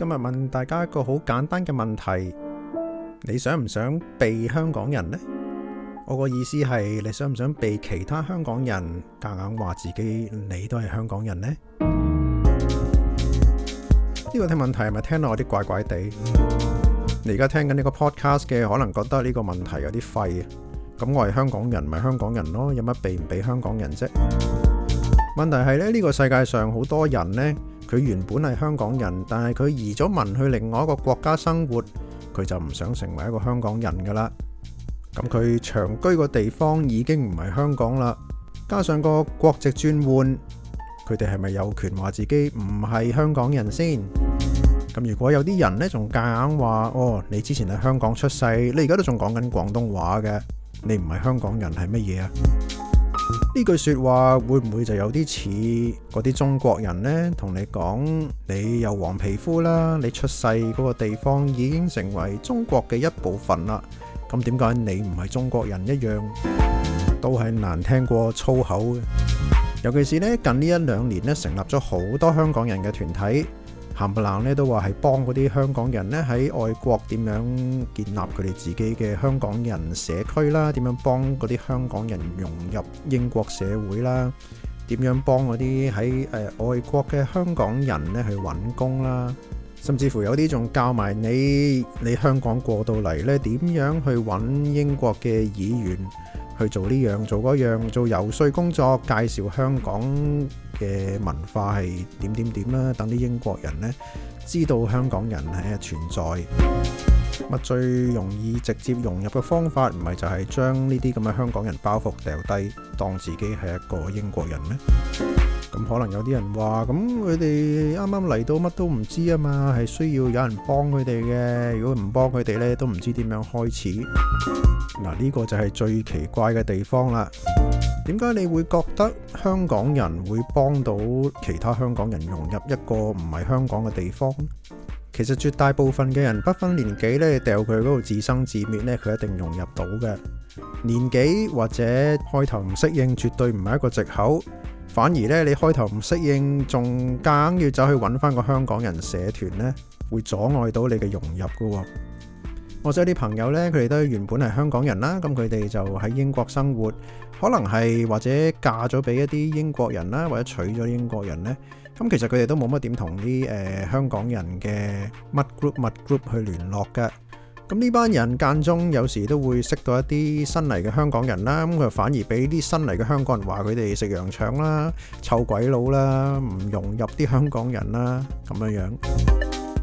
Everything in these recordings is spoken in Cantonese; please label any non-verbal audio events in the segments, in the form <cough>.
今日問大家一個好簡單嘅問題，你想唔想被香港人呢？我個意思係你想唔想被其他香港人夾硬話自己你都係香港人呢？呢個問題係咪聽落有啲怪怪地？你而家聽緊呢個 podcast 嘅，可能覺得呢個問題有啲廢。咁我係香港人，咪香港人咯，有乜被唔被香港人啫？問題係呢，呢個世界上好多人呢。佢原本係香港人，但係佢移咗民去另外一個國家生活，佢就唔想成為一個香港人㗎喇。咁佢長居個地方已經唔係香港啦，加上個國籍轉換，佢哋係咪有權話自己唔係香港人先？咁如果有啲人呢，仲夾硬話，哦，你之前喺香港出世，你而家都仲講緊廣東話嘅，你唔係香港人係乜嘢呀？呢句說話會唔會就有啲似嗰啲中國人呢？同你講，你有黃皮膚啦，你出世嗰個地方已經成為中國嘅一部分啦，咁點解你唔係中國人一樣？都係難聽過粗口嘅，尤其是近呢一兩年呢，成立咗好多香港人嘅團體。冚唪冷咧，都話係幫嗰啲香港人咧，喺外國點樣建立佢哋自己嘅香港人社區啦，點樣幫嗰啲香港人融入英國社會啦，點樣幫嗰啲喺誒外國嘅香港人咧去揾工啦，甚至乎有啲仲教埋你，你香港過到嚟咧點樣去揾英國嘅議員。去做呢樣做嗰樣做遊説工作，介紹香港嘅文化係點點點啦，等啲英國人呢知道香港人喺度存在。咁啊，最容易直接融入嘅方法，唔係就係將呢啲咁嘅香港人包袱掉低，當自己係一個英國人咩？咁可能有啲人話，咁佢哋啱啱嚟到乜都唔知啊嘛，係需要有人幫佢哋嘅。如果唔幫佢哋呢，都唔知點樣開始。嗱，呢個就係最奇怪嘅地方啦。點解你會覺得香港人會幫到其他香港人融入一個唔係香港嘅地方？其實絕大部分嘅人，不分年紀呢，掉佢嗰度自生自滅呢，佢一定融入到嘅。年紀或者開頭唔適應，絕對唔係一個藉口。反而咧，你開頭唔適應，仲夾硬要走去揾翻個香港人社團咧，會阻礙到你嘅融入噶。我識啲朋友咧，佢哋都原本係香港人啦，咁佢哋就喺英國生活，可能係或者嫁咗俾一啲英國人啦，或者娶咗英國人呢。咁其實佢哋都冇乜點同啲誒香港人嘅乜 group 乜 group 去聯絡㗎。咁呢班人間中有時都會識到一啲新嚟嘅香港人啦，咁佢又反而俾啲新嚟嘅香港人話佢哋食洋腸啦、臭鬼佬啦、唔融入啲香港人啦，咁樣樣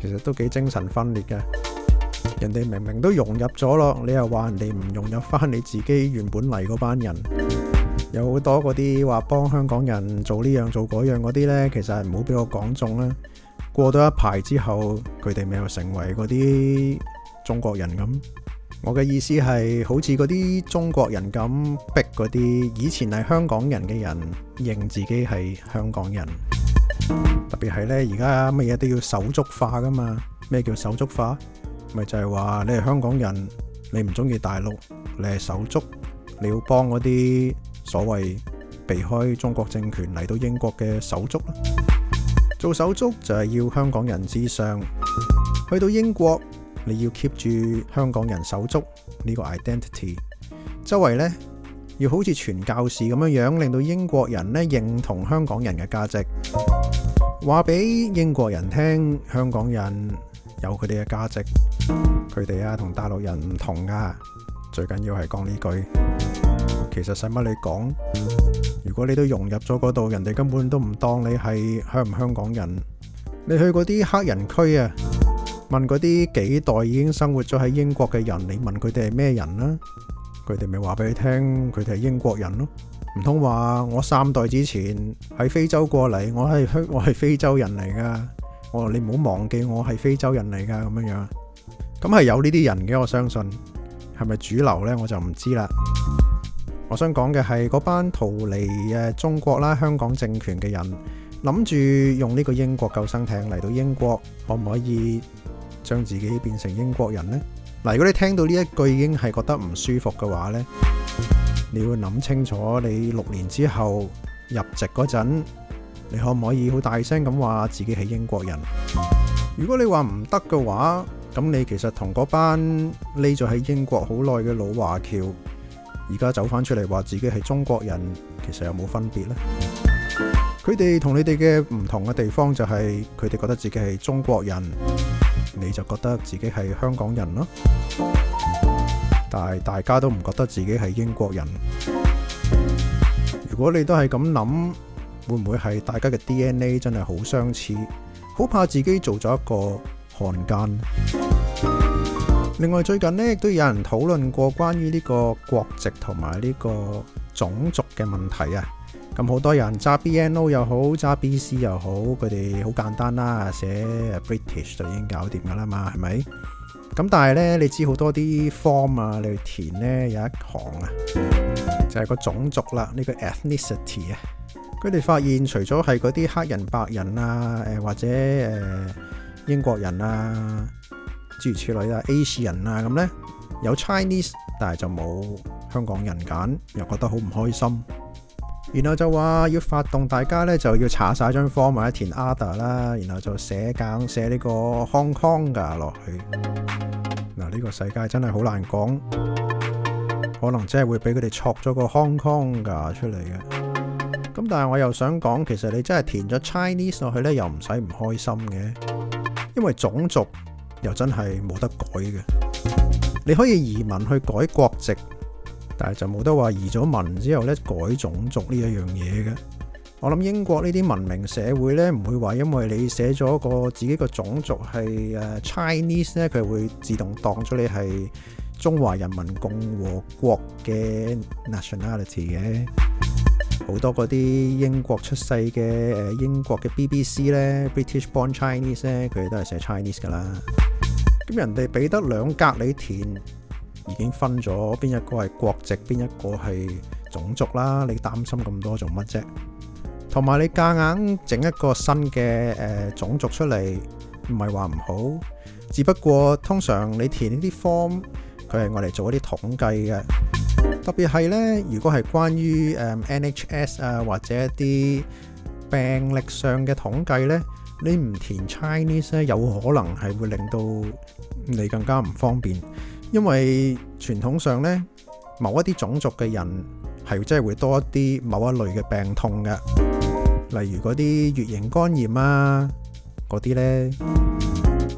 其實都幾精神分裂嘅。人哋明明都融入咗咯，你又話人哋唔融入翻你自己原本嚟嗰班人，有好多嗰啲話幫香港人做呢樣做嗰樣嗰啲呢，其實係唔好俾我講中啦。過到一排之後，佢哋咪又成為嗰啲。中國人咁，我嘅意思係好似嗰啲中國人咁逼嗰啲以前係香港人嘅人認自己係香港人。特別係呢，而家乜嘢都要手足化㗎嘛？咩叫手足化？咪就係話你係香港人，你唔中意大陸，你係手足，你要幫嗰啲所謂避開中國政權嚟到英國嘅手足做手足，就係要香港人至上去到英國。你要 keep 住香港人手足呢個 identity，周圍呢要好似傳教士咁樣樣，令到英國人呢認同香港人嘅價值，話俾英國人聽，香港人有佢哋嘅價值，佢哋啊同大陸人唔同㗎。最緊要係講呢句，其實使乜你講？如果你都融入咗嗰度，人哋根本都唔當你係香唔香港人。你去嗰啲黑人區啊！問嗰啲幾代已經生活咗喺英國嘅人，你問佢哋係咩人啦？佢哋咪話俾你聽，佢哋係英國人咯。唔通話我三代之前喺非洲過嚟，我係我係非洲人嚟噶？我話你唔好忘記我係非洲人嚟噶，咁樣樣。咁係有呢啲人嘅，我相信係咪主流呢，我就唔知啦。我想講嘅係嗰班逃離誒中國啦、香港政權嘅人，諗住用呢個英國救生艇嚟到英國，可唔可以將自己變成英國人呢？嗱，如果你聽到呢一句已經係覺得唔舒服嘅話呢，你要諗清楚，你六年之後入籍嗰陣，你可唔可以好大聲咁話自己係英國人？如果你話唔得嘅話，咁你其實同嗰班匿咗喺英國好耐嘅老華僑，而家走翻出嚟話自己係中國人，其實有冇分別呢？佢哋同你哋嘅唔同嘅地方就係，佢哋覺得自己係中國人。你就覺得自己係香港人咯，但係大家都唔覺得自己係英國人。如果你都係咁諗，會唔會係大家嘅 DNA 真係好相似？好怕自己做咗一個漢奸。另外，最近呢亦都有人討論過關於呢個國籍同埋呢個種族嘅問題啊。咁好多人揸 BNO 又好，揸 BC 又好，佢哋、NO、好簡單啦，寫 British 就已經搞掂㗎喇嘛，係咪？咁但係呢，你知好多啲 form 啊，你去填呢有一行啊，就係、是、個種族啦，呢、這個 ethnicity 啊，佢哋發現除咗係嗰啲黑人、白人啊，誒或者誒、呃、英國人啊，諸如此類啊，Asian 人啊咁呢，有 Chinese，但係就冇香港人揀，又覺得好唔開心。然後就話要發動大家咧，就要查晒張 form 或者填 order 啦，然後就寫梗寫呢個 Hong Kong 噶落去。嗱，呢個世界真係好難講，可能真係會俾佢哋錯咗個 Hong Kong 噶出嚟嘅。咁但係我又想講，其實你真係填咗 Chinese 落去咧，又唔使唔開心嘅，因為種族又真係冇得改嘅。你可以移民去改國籍。但係就冇得話移咗民之後咧改種族呢一樣嘢嘅。我諗英國呢啲文明社會咧，唔會話因為你寫咗個自己個種族係、啊、Chinese 咧，佢會自動當咗你係中華人民共和國嘅 nationality 嘅。好多嗰啲英國出世嘅、啊、英國嘅 BBC 咧，British-born Chinese 咧，佢哋都係寫 Chinese 噶啦。咁人哋俾得兩格你填。已經分咗邊一個係國籍，邊一個係種族啦？你擔心咁多做乜啫？同埋你夾硬整一個新嘅誒種族出嚟，唔係話唔好。只不過通常你填呢啲 form，佢係用嚟做一啲統計嘅。特別係咧，如果係關於誒 NHS 啊或者一啲病歷上嘅統計咧，你唔填 Chinese 咧，有可能係會令到你更加唔方便。因為傳統上呢，某一啲種族嘅人係真係會多一啲某一類嘅病痛嘅，例如嗰啲乙型肝炎啊，嗰啲呢。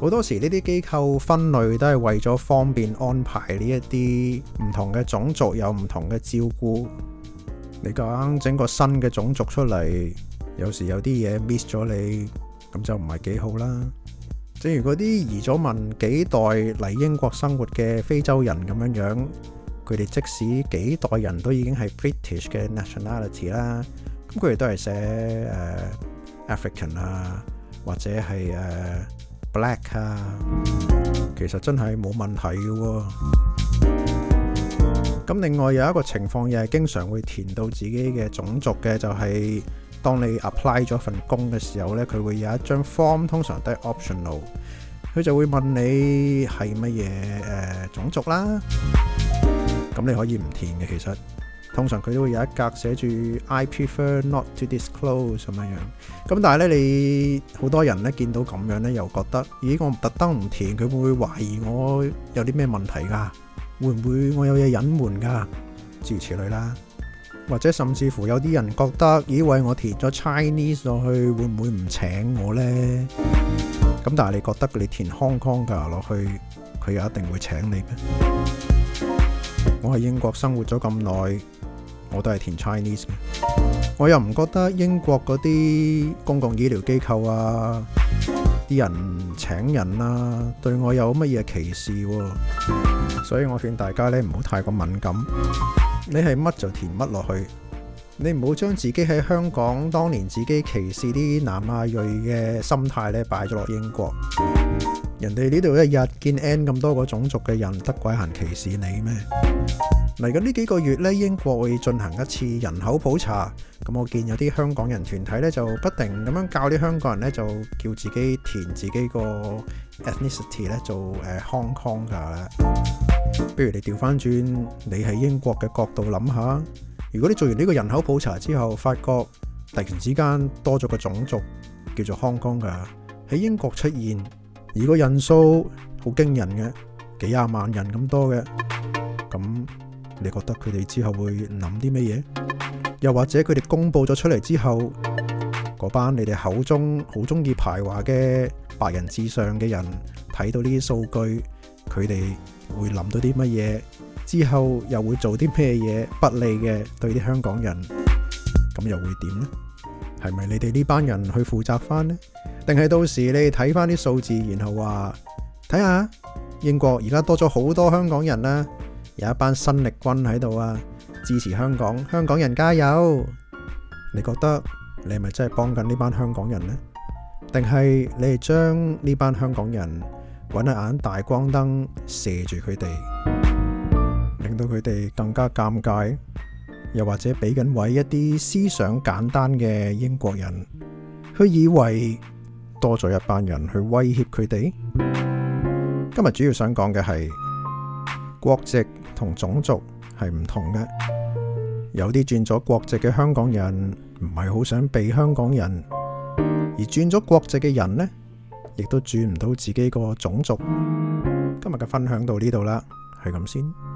好多時呢啲機構分類都係為咗方便安排呢一啲唔同嘅種族有唔同嘅照顧。你講整個新嘅種族出嚟，有時有啲嘢 miss 咗你，咁就唔係幾好啦。正如嗰啲移咗民幾代嚟英國生活嘅非洲人咁樣樣，佢哋即使幾代人都已經係 British 嘅 nationality 啦，咁佢哋都係寫、呃、African 啊，或者係、呃、Black 啊，其實真係冇問題嘅喎。咁另外有一個情況，又係經常會填到自己嘅種族嘅，就係、是。當你 apply 咗份工嘅時候呢，佢會有一張 form，通常都係 optional。佢就會問你係乜嘢誒種族啦，咁 <music> 你可以唔填嘅。其實通常佢都會有一格寫住 <music> I prefer not to disclose 咁樣樣。咁但係呢，你好多人呢見到咁樣呢，又覺得咦，我特登唔填，佢會唔會懷疑我有啲咩問題㗎？會唔會我有嘢隱瞞㗎？諸如此類啦。或者甚至乎有啲人覺得，以為我填咗 Chinese 落去，會唔會唔請我呢？咁但係你覺得你填 Hong Kong 噶落去，佢又一定會請你咩？我喺英國生活咗咁耐，我都係填 Chinese。我又唔覺得英國嗰啲公共醫療機構啊，啲人請人啊，對我有乜嘢歧視喎，啊？所以我勸大家呢，唔好太過敏感。你係乜就填乜落去，你唔好將自己喺香港當年自己歧視啲南亞裔嘅心態咧擺咗落英國，人哋呢度一日見 N 咁多個種族嘅人，得鬼閒歧視你咩？嚟緊呢幾個月咧，英國會進行一次人口普查，咁我見有啲香港人團體咧就不停咁樣教啲香港人咧就叫自己填自己個 ethnicity 咧做誒 Hong Kong 噶。呃不如你調翻轉，你喺英國嘅角度諗下。如果你做完呢個人口普查之後，發覺突然之間多咗個種族叫做香港嘅喺英國出現，而個人數好驚人嘅，幾廿萬人咁多嘅，咁你覺得佢哋之後會諗啲乜嘢？又或者佢哋公布咗出嚟之後，嗰班你哋口中好中意排華嘅白人至上嘅人睇到呢啲數據，佢哋？會諗到啲乜嘢？之後又會做啲咩嘢不利嘅，對啲香港人？咁又會點呢？係咪你哋呢班人去負責翻呢？定係到時你哋睇翻啲數字，然後話睇下英國而家多咗好多香港人啦，有一班新力軍喺度啊，支持香港，香港人加油！你覺得你係咪真係幫緊呢班香港人呢？定係你哋將呢班香港人？揾一眼大光燈射住佢哋，令到佢哋更加尷尬，又或者俾緊位一啲思想簡單嘅英國人，佢以為多咗一班人去威脅佢哋。今日主要想講嘅係國籍同種族係唔同嘅，有啲轉咗國籍嘅香港人唔係好想被香港人，而轉咗國籍嘅人呢。亦都轉唔到自己個種族。今日嘅分享到呢度啦，係咁先。